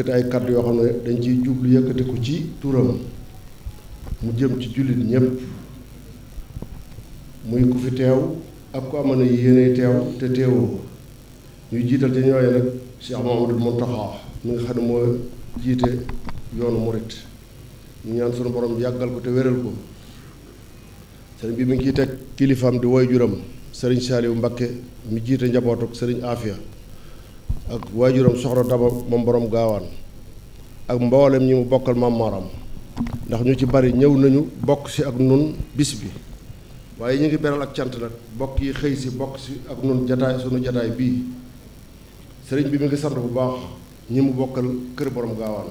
ay kàddu yoo xam ne dañ ciy jublu yëkkati ko ci turam mu jëm ci jullit ñépp muy ku fi teew ak ku amoon yéene teew te teewoo ñuy jiital ci ñooñu nag Cheikh Mouhamadou Mountakha mi nga xam ne moo jiite yoonu murit ñu ñaan sunu borom yàggal ko te wéral ko sëriñ bi mi ngi ciy teg kilifaam di woy juram sëriñ Saliou Mbakke mu jiite njaboot ak sëriñ Afia. ak waajuram soxna daba moom borom gaawaan ak mboolem ñi mu bokkal maam ndax ñu ci bari ñëw nañu bokk si ak nun bis bi waaye ñu ngi beral ak cant la bokk yi xëy si bokk si ak nun jataay sunu jataay bii sëriñ bi mu ngi sant bu baax ñi mu bokkal kër borom gaawaan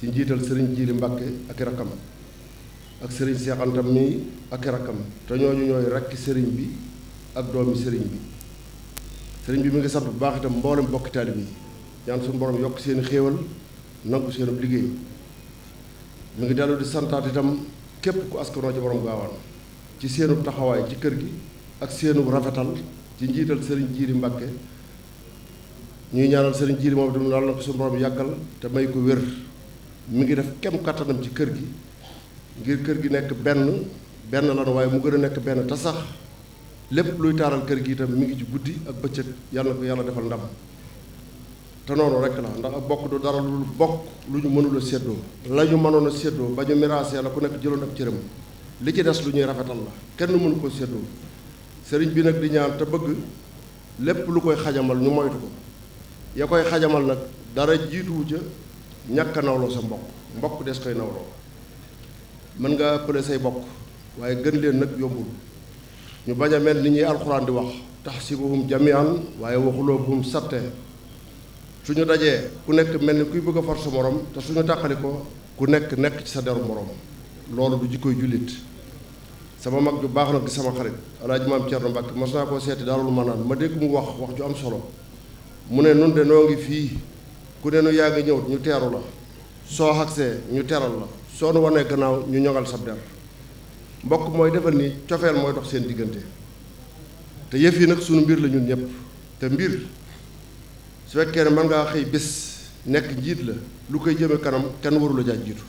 ci njiital sëriñ jiili mbàkke ak rakkam ak sëriñ seexantam mi ak i rakkam te ñooñu ñooy rakki sëriñ bi ak doomi sëriñ bi sëriñ bi mi ngi sant bu baax itam mboolem bokki taalib yi ñaan suñu borom yokk seen xéewal nangu seen liggéey mu ngi dellu di santaat itam képp ku askanoo ci borom gaawaan ci seenu taxawaay ci kër gi ak seenu rafetal ci njiital sëriñ jiiri mbàkke ñuy ñaanal sëriñ jiiri moom itam laal na ko suñu borom yàggal te may ko wér mu ngi def kem kattanam ci kër gi ngir kër gi nekk benn benn lan waaye mu gën a nekk benn te sax lépp luy taaral kër gi itam mu ngi ci guddi ak bëccëg yàlla na ko yàlla defal ndam te noonu rek la ndax ak bokk du dara lu bokk lu ñu mënul a séddoo la ñu mënoon a séddoo ba ñu miraasee la ku nekk jëloon ak cëram li ci des lu ñuy rafetal la kenn mënu koo séddoo sëriñ bi nag di ñaan te bëgg lépp lu koy xajamal ñu moytu ko ya koy xajamal nag dara jiituwu ca ñàkk nawloo sa mbokk mbokk des koy nawloo mën nga pële say bokk waaye gën leen nag yombul ñu bañ a mel ni ñuy alxuraan di wax taxsibuhum jamian waaye waxuloobuhum satte suñu dajee ku nekk mel ni kuy bëgg a far sa morom te suñu tàqali ko ku nekk nekk ci sa deru moroom loolu du jikkoy jullit sama mag ju baax na di sama xarit alaaji maam Cerno Mbàkke mas naa koo seeti daalul ma naan ma dégg mu wax wax ju am solo mu ne nun de noo ngi fii ku ne nu yaa ngi ñëw ñu teeru la soo xagsee ñu teral la soo nu wanee gannaaw ñu ñoŋal sab der mbokk mooy defal ni cofeel mooy dox seen diggante te yëf yi nag sunu mbir lañu ñun te mbir su fekkee ne mën ngaa xëy bés nekk njiit la lu koy jëme kanam kenn warula jaaj jiitu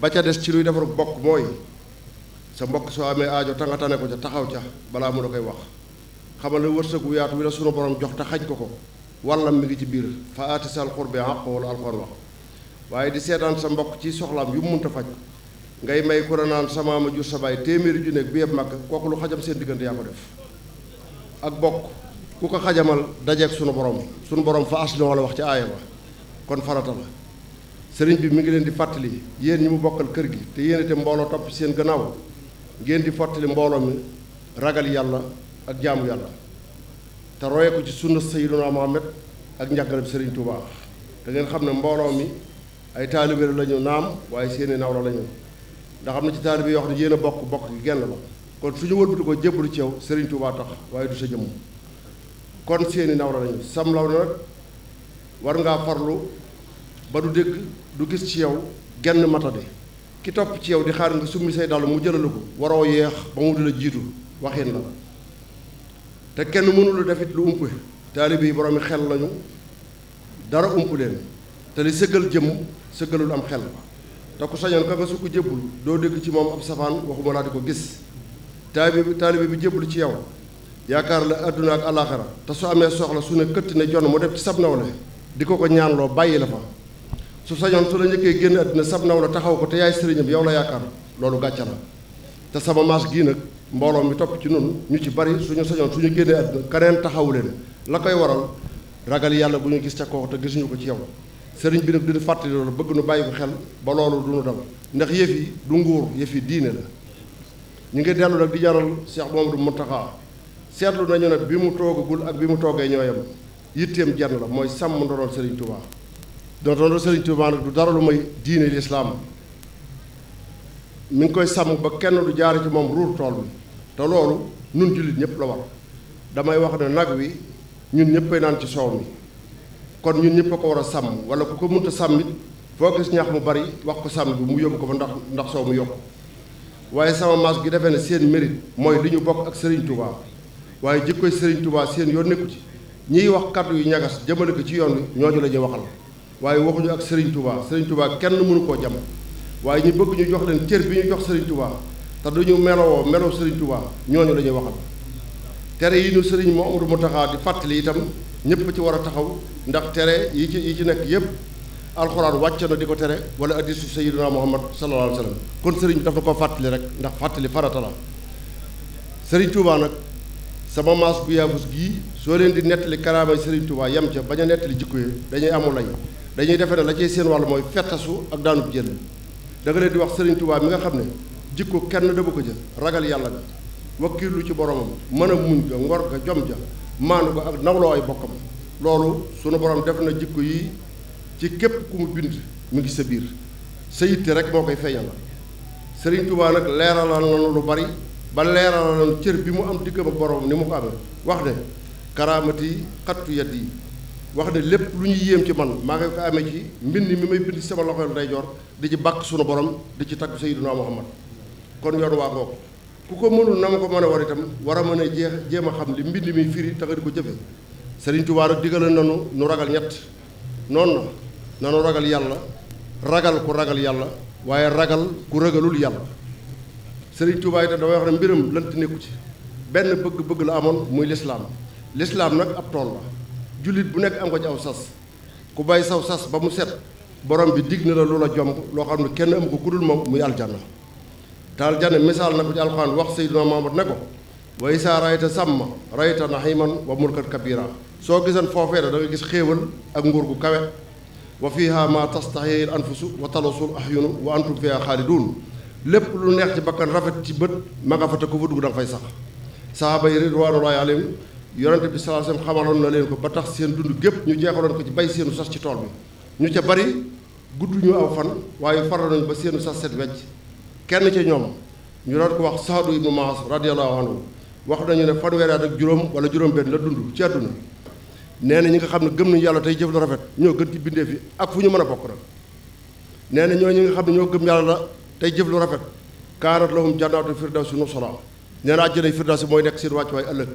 ba ca des ci luy defar bokk mooy sa mbokk soo amee aajo tangatane ko ca taxaw ca balaa mu la koy wax xamal la sa yaatu wi la sunu borom jox te xaj ko ko wallam mi ngi ci biir fa aati sal xurbe àqo wala alxoon waaye di seetaan sa mbokk ci soxlaam yu mu munta faj ngay may ku la naan sama ma jur sa baay téeméeri ju nekk bi yëpp màkk kooku lu xajam seen diggante yaa ko def ak bokk ku ko xajamal dajeeg sunu borom sunu borom fa asli la wax ci aaya kon farata la sëriñ bi mu ngi leen di fàttali yéen ñi mu bokkal kër gi te yéen itam mbooloo topp seen gannaaw ngeen di fàttali mbooloo mi ragal yàlla ak jaamu yàlla te roye ci sunna sayyiduna Muhammad ak njàngalem sëriñ Touba da ngeen xam ne mbooloo mi ay taalibe la naam waaye seeni nawla la ndaxam na ci taalibe yoo xam ne yéena bokk bokk gi genn la kon suñu wëlbati ko jébbalu ci yow Serigne Touba tax waaye du sa jëmm kon seeni nawra lañu sam law nag war ngaa farlu ba du dégg du gis ci yow genn matade ki topp ci yow di xaar nga summi say dàll mu jëlal ko waroo yeex ba mu di la jiitu waxin la te kenn mënulu defit lu ump taalibe yi boroomi xel lañu dara ump leen te li sëggal jëmm sëggalul am xel te ku sañoon ka nga sukk jébbul doo dégg ci moom ab safaan waxuma laa di ko gis taalibe bi taalibe bi jébbul ci yow yaakaar la àdduna ak àllaaxara te su amee soxla su ne këtt ne jonn mu def ci sab nawle di ko ko ñaanloo bàyyi la fa su sañoon su la njëkkee génn àdduna sab nawle taxaw ko te yaay sëriñam yow la yaakaar loolu gàcce te sama maas gii nag mbooloo mi topp ci nun ñu ci bari suñu sañoon suñu génnee àdduna keneen taxawu leen la koy waral ragal yàlla bu ñu gis ca kooku te gisuñu ko ci yow sëriñ bi nag dina fàttali loolu bëgg nu bàyyi ko xel ba loolu du nu ndax yëf yi du nguur yëf yi diine la ñu ngi dellu nag di jaral Cheikh Mamadou Mountakha seetlu nañu ne bi mu toogagul ak bi mu toogee ñooyam yitteem jenn la mooy sàmm ndoroon sëriñ Touba ndoroon sëriñ Touba nag du dara lu may diine lislaam mu ngi koy sàmm ba kenn du jaar ci moom ruur tool bi te loolu nun jullit ñëpp la damay wax ne nag wi ñun ñëppay naan ci soow mi kon ñun ñëpp a ko war a sàmm wala ku ko mënta sàmm it foo gis ñax mu bari wax ko sàmm bi mu yóbbu ko fa ndax ndax soo mu yokk waaye sama maas gi defee ne seen mérite mooy li ñu bokk ak sëriñ Touba waaye jikkoy Serigne Touba seen yoon nekku ci ñiy wax kàddu yu ñagas jëmale ko ci yoon wi ñooñu la ñuy waxal waaye waxuñu ak sëriñ Touba sëriñ Touba kenn mënu koo jam waaye ñu bëgg ñu jox leen cër bi ñu jox sëriñ Touba te duñu melowoo melow sëriñ Touba ñooñu la ñuy waxal tere yi ñu fàttali itam ñëpp ci war a taxaw ndax tere yi ci yi ci nekk yëpp alxuraan wàcc na di ko tere wala hadiisu sayyidina muhammad sallallahu alayhi wa sallam kon sëriñ bi daf ko fàttali rek ndax fàttali farata la sëriñ Touba nag sama maas bu yaabus gii soo leen di nettali karaamay sëriñ Touba yam ca bañ a nettali jikko yi dañuy amul lay dañuy defe ne la cay seen wàll mooy fettasu ak daanub jël da leen di wax sëriñ Touba mi nga xam ne jikko kenn dëbb ko ja ragal yàlla ga wakkiilu ci boromam mën a muñ jom ja maanu ko ak nawloo ay bokkam loolu sunu borom def na jikko yi ci képp ku mu bind mu ngi sa biir sa yitte rek moo koy feeñal Sëriñ Tuubaa nag leeralal nañu lu bari ba leeralal nañu cër bi mu am diggam ak ni mu ko amee wax ne karaamati xattu yat yi wax ne lépp lu ñuy yéem ci man maa ngi ko amee ci mbind mi may bind sama loxo ndeyjoor di ci bàkk sunu borom di ci tagg Sayyiduna Muhammad kon yoon waa ngoog ku ko mënul na ma ko mën a war itam war a mën a jeex jéem a xam li mbind mi firi tax di ko jëfe Sëriñ Tuubaa nag digale nanu nu ragal ñett noonu na nanu ragal yàlla ragal ku ragal yàlla waaye ragal ku ragalul yàlla Sëriñ Tuubaa itam damay wax ne mbiram lënt nekku ci benn bëgg-bëgg la amoon muy lislaam lislaam nag ab tool la jullit bu nekk am ko ci aw sas ku bay saw sas ba mu set borom bi digg na la lu la jomb loo xam ne kenn am ko ku dul moom taal jane misaal na ko ci alxuraan wax Seydina Muhammad ne ko wa saa rayta sàmm rayta naximan wa mulkan kabira soo gisan foofee la da nga gis xéewal ak nguur gu kawe wa fiha ma tastaxi anfusu wa talasul ahyunu wa antum fiha xaalidun lépp lu neex ci bakkan rafet ci bët ma nga ko fa dugg da nga fay sax sahaaba yi ridwanullahi alayhim yonente bi sallallahu alayhi wasallam xamaloon na leen ko ba tax seen dund gépp ñu jeexaloon ko ci bay seenu sas ci tool ñu ca bari gudd ñu fan waaye faraloon ba seenu sas set wecc kenn ci ñoom ñu doon ko wax Saadu ibnu Maas radiyallahu anhu wax nañu ne fanweeri at ak juróom wala juróom-benn la dund ci àdduna nee na ñi nga xam ne gëm nañu yàlla tey jëf lu rafet ñoo gën ci bindee fi ak fu ñu mën a bokk nag nee na ñoo ñi nga xam ne ñoo gëm yàlla la tey jëf lu rafet kaanat lahum jannaatu firdawsi nuzula nee na àjjana firdawsi mooy nekk seen wàccuwaay ëllëg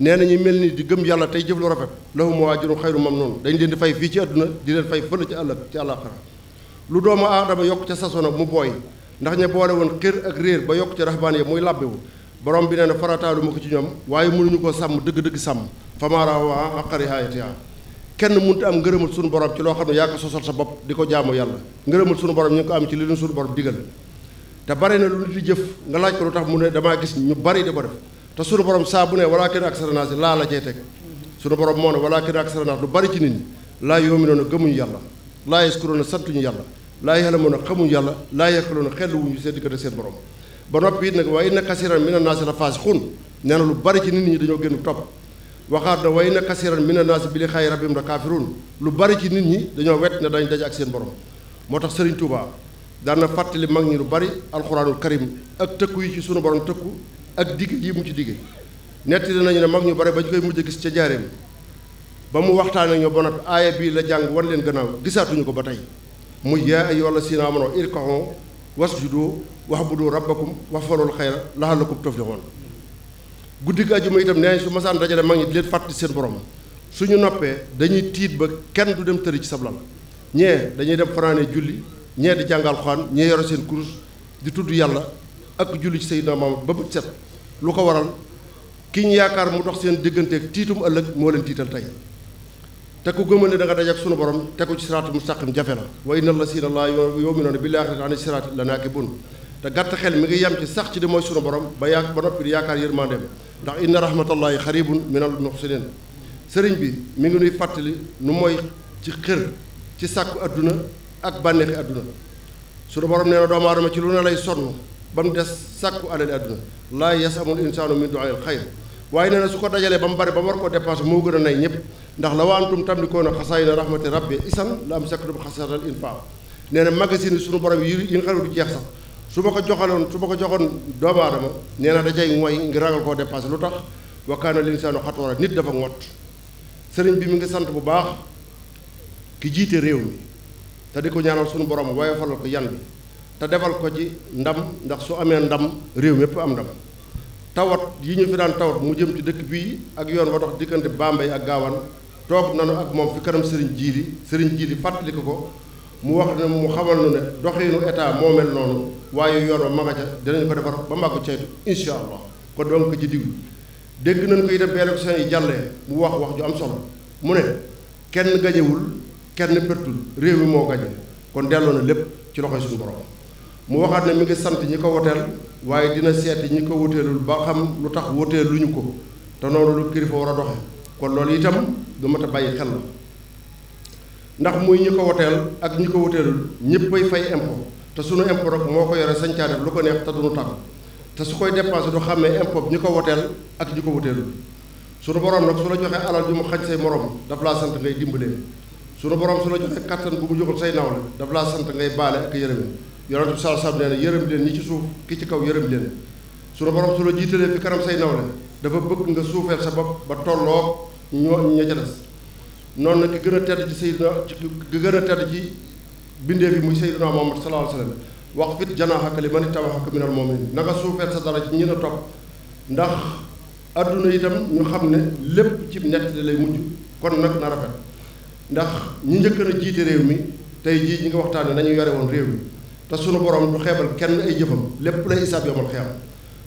nee na ñu mel ni di gëm yàlla tey jëf lu rafet lahum waajurun xayru mamnun dañ leen di fay fii ci àdduna di leen fay fële ci ëllëg ci àllaaxira lu doomu aadama yokk ca sasoona mu booy ndax ña boole woon xir ak réer ba yokk ci raxbaan ya muy làbbiwu borom bi nee na farataalu ma ko ci ñoom waaye mënuñu ko sàmm dëgg-dëgg sàmm famaarawa aqari haayatiha kenn mënut am ngërëmul suñu borom ci loo xam ne yaa ko sosal sa bopp di ko jaamu yàlla ngërëmul suñu borom ñu ngi ko am ci li ñu suñu borom digal te bari na lu nit di jëf nga laaj ko lu tax mu ne damaa gis ñu bari di ko def te sunu borom saa bu ne walaakin aksara naas laa la cey teg suñu borom moo ne walaakin aksara naas lu bari ci nit ñi laa yoomi noona gëmuñu yàlla laa yaskuruuna santuñu yàlla laa ya'lamuuna xamuñu yàlla laa ya'qiluuna xel wuñu seen diggante seen borom ba noppi it nag wa inna kasiran mina naasi la faasiquun nee na lu bari ci nit ñi dañoo génn topp waxaat na wa inna kasiran mina naasi bi liqaa'i rabbihim la kaafiruun lu bari ci nit ñi dañoo wet ne dañ daje ak seen borom moo tax Serigne Touba daan na fàttali mag ñi lu bari alxuraanul karim ak tëkku yi ci sunu borom tëkku ak digg yi mu ci digg nettali nañu ne mag ñu bari ba ñu koy mujj gis ca jaareem ba mu waxtaan ak ñoom ba noppi aaya bii la jàng wan leen gannaaw gisaatuñu ko ba tey mu muy yaa ayyuha allazina amanu irka'u wasjudu wa'budu rabbakum wafalul xayra la'allakum tuflihun guddi gi àjjuma itam nee su masaan dajalee mag ñi di leen fàttali seen borom suñu noppee dañuy tiit ba kenn du dem tëri ci sab sablal ñee dañuy dem fanaane julli ñee di jàngal xaan ñee yore seen kurus di tudd yàlla ak julli ci Seydina Muhammad ba bët set lu ko waral ki ñu yaakaar mu dox seen digganteek tiitum ëllëg moo leen tiital tey te ku gëmal ne danga daj ak sunu borom tegu ci siraatu mustaqim jafe la wa inna lasina laa yuminuuna bil aaxirati ani siraati la naakibun te gàtt xel mi ngi yem ci sax ci di mooy sunu borom ba yaa ba noppi di yaakaar yërmandeem ndax inna rahmatallahi xaribun minal muxsinin sëriñ bi mi ngi nuy fàttali nu mooy ci xër ci sàkku àdduna ak bànneexi adduna sunu borom nee na doomu aadama ci lu ne lay sonn ba mu des sàkku alali adduna laa yasamul insaanu min duaa'il xayr waaye nee na su ko dajalee ba mu bari ba mu war koo dépassé moo gën a nay ñëpp ndax la waantum tam di koo na xasaay na rahmati rabbi isan la am sakatub xasatal infaa nee na magasin yi suñu borom yi yi nga xam du jeex sax su ma ko joxaloon su ma ko joxoon doomu aadama nee na da cay mooy ngir ragal koo dépassé lu tax wa kaana linsaanu xatwara nit dafa ngott sëriñ bi mu ngi sant bu baax ki jiite réew mi te di ko ñaanal suñu borom waaye falal ko yan te defal ko ci ndam ndax su amee ndam réew mi yépp am ndam tawat yi ñu fi daan tawat mu jëm ci dëkk bii ak yoon ba dox diggante Bambey ak Gaawaan toog nu ak moom fi kanam Serigne Djili sëriñ Djili fàttali ko ko mu wax ne mu xamal nu ne doxinu état moo mel noonu waaye yoon ba ma nga ca dinañ ko defar ba màgg ceytu incha allah kon donc ko ci diglu dégg nañ ko itam ba élection yi jàllee mu wax wax ju am solo mu ne kenn gajawul kenn pertul réew mi moo gañe kon delloo na lépp ci loxoy suñu borom mu waxaat ne mi ngi sant ñi ko woteel waaye dina seet ñi ko wuteelul ba xam lu tax wuteeluñu ko te noonu lu kilifa war a doxe kon loolu itam du mat a bàyyi xel la ndax muy ñi ko woteel ak ñi ko wuteelul ñëppay fay impôt te sunu impôt rek moo ko yore sañcaa def lu ko neex te duñu tàmm te su koy dépensé du xàmmee impôt ñi ko woteel ak ñi ko wuteelul sunu borom nag su la joxee alal ju mu xaj say moroom daf laa sant ngay dimbalee sunu borom su la joxee kattan bu mu joxul say daf laa sant ngay baale ak yërëme yonent bi sallallahu alayhi wasallam nee yërëm leen ñi ci suuf ki ci kaw yërëm leen sunu borom su la jiitalee fi kanam say nawle dafa bëgg nga suufeel sa bopp ba tolloog ñoo ña ca des noonu nag ki gën a tedd ci sayyidina ki gën a tedd ci bindee bi muy sayyidina Muhammad sallallahu alayhi wasallam waqfid janaahaka liman ittaba'aka minal mu'minin na nga suufeel sa dara ci ñi a topp ndax adduna itam ñu xam ne lépp ci nettali lay mujj kon nag na rafet ndax ñi njëkk a jiite réew mi tey jii ñi nga waxtaanee nañu yore woon réew mi te sunu borom du xeebal kenn ay jëfam lépp lay isaab yomal xeexam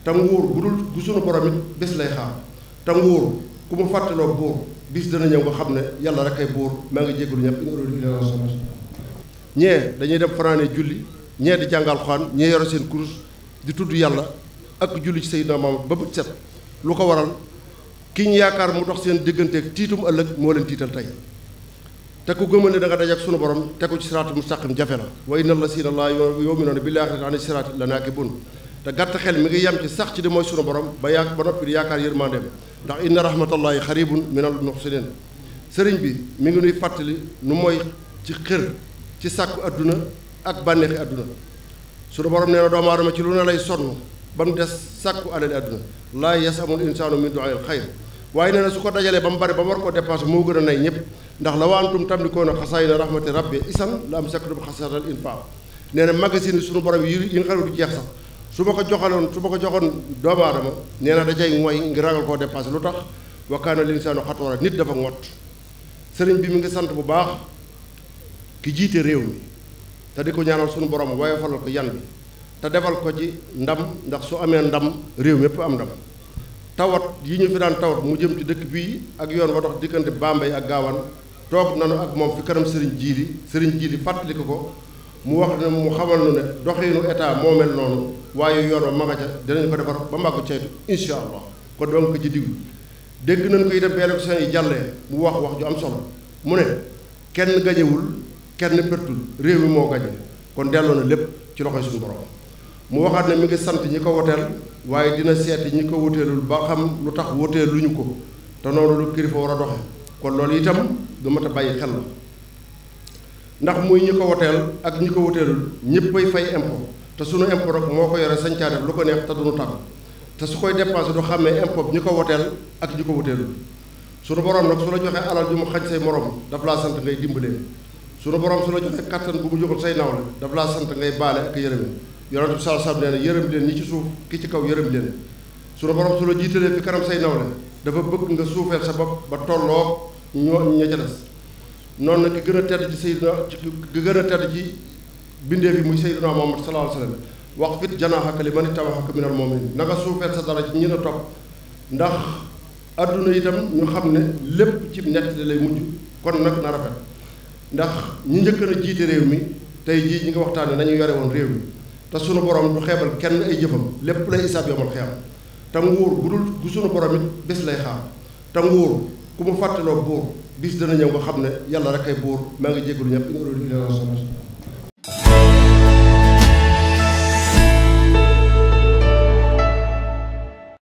te nguur bu dul bu sunu borom it bés lay xaar te nguur ku mu fàttaloo buur bis dana ñëw nga xam ne yàlla rek ay buur maa ngi jégalu ñëpp in uriidu ñee dañuy dem fanaane julli ñee di jàngal xaan ñee yore seen kurus di tudd yàlla ak julli ci Seydina Muhammad ba bët set lu ko waral ki ñu yaakaar mu dox seen digganteek tiitum ëllëg moo leen tiital tey te ku gëmal ne danga nga daj ak sunu borom tegu ci siraatu mustaqim jafe la wa inna lasina laa yuminuuna bil aaxirati ani siraati la naakibun te gàtt xel mi ngi yem ci sax ci di mooy sunu borom ba yaa ba noppi di yaakaar yërmandeem ndax inna rahmatallahi xaribun minal muxsinin sëriñ bi mi ngi nuy fàttali nu mooy ci xër ci sàkku adduna ak bànneexi adduna sunu borom nee na doomu aadama ci lu ne lay sonn ba mu des sàkku alali adduna laa yasamul insaanu min duail xayr waaye nee na su ko dajalee ba mu bari ba war koo dépassé moo gën a ñëpp ndax la waantum tamlikoona xasaay na rahmati rabbi isan la am sakatub xasatal in paaw nee na magasin sunu borom yi yi nga xam du jeex sax su ma ko joxaloon su ma ko joxoon doomu aadama nee na da cay mooy ngir ragal koo dépassé lu tax wa kaana linsaanu xatwara nit dafa ngott sëriñ bi mu ngi sant bu baax ki jiite réew mi te di ko ñaanal suñu borom waaye falal ko yan bi te defal ko ci ndam ndax su amee ndam réew mépp am ndam tawat yi ñu fi daan tawat mu jëm ci dëkk ak yoon wa dox diggante Bambey ak Gaawaan toog nanu ak moom fi kanam sëriñ jiili sëriñ jiili fàttali ko ko mu wax ne mu xamal nu ne doxinu état moo mel noonu waaye yoon wa ma nga ca dinañ ko defar ba màgg ceytu incha allah kon doon ko ci diglu dégg nañ ko itam benn seen yi jàllee mu wax wax ju am solo mu ne kenn gañewul kenn pertul réew mi moo gañe kon delloo na lépp ci loxoy suñu borom mu waxaat ne mi ngi sant ñi ko woteel waaye dina seeti ñi ko woteelul ba xam lu tax woteeluñu ko te noonu lu kilifa war a doxe kon loolu itam du mat a bàyyi xel la ndax muy ñi ko woteel ak ñi ko woteelul ñëppay fay impôt te sunu impôt rek moo ko yore sañ caa lu ko neex te duñu tàggu te su koy dépensé du xàmmee impôt ñu ko woteel ak ñi ko woteelul sunu borom nag su la joxee alal ju mu xañ say moroom daf laa sant ngay dimbalee sunu borom su la joxee kattan bu mu joxul say nawle daf laa sant ngay baale ak yërëme yonent bi sallallahu alayhi wasallam nee na yërëm leen ñi ci suuf ki ci kaw yërëm leen sunu borom su la jiitalee fi kanam say nawle dafa bëgg nga suufeel sa bopp ba tolloo ñoo ña ca des noonu nag ki gën a tedd ci sayyidina ki gën a tedd ci bindee fi muy sayyidina Muhammad sallallahu alayhi wa sallam waqfid janaahaka liman ittaba'aka minal moom na nga suufeet sa dara ci ñi la topp ndax adduna itam ñu xam ne lépp ci nettali lay mujj kon nag na rafet ndax ñu njëkk a jiite réew mi tey jii ñi nga waxtaane nañu yore woon réew mi te sunu borom du xeebal kenn ay jëfam lépp lay isaab yomal xiyam te nguur bu dul gu sunu borom it bés lay xaar te nguur bu mu fàttaloo buur bis dana ñëw nga xam ne yàlla rek ay buur maa ngi jégalu ñëpp ñu ngi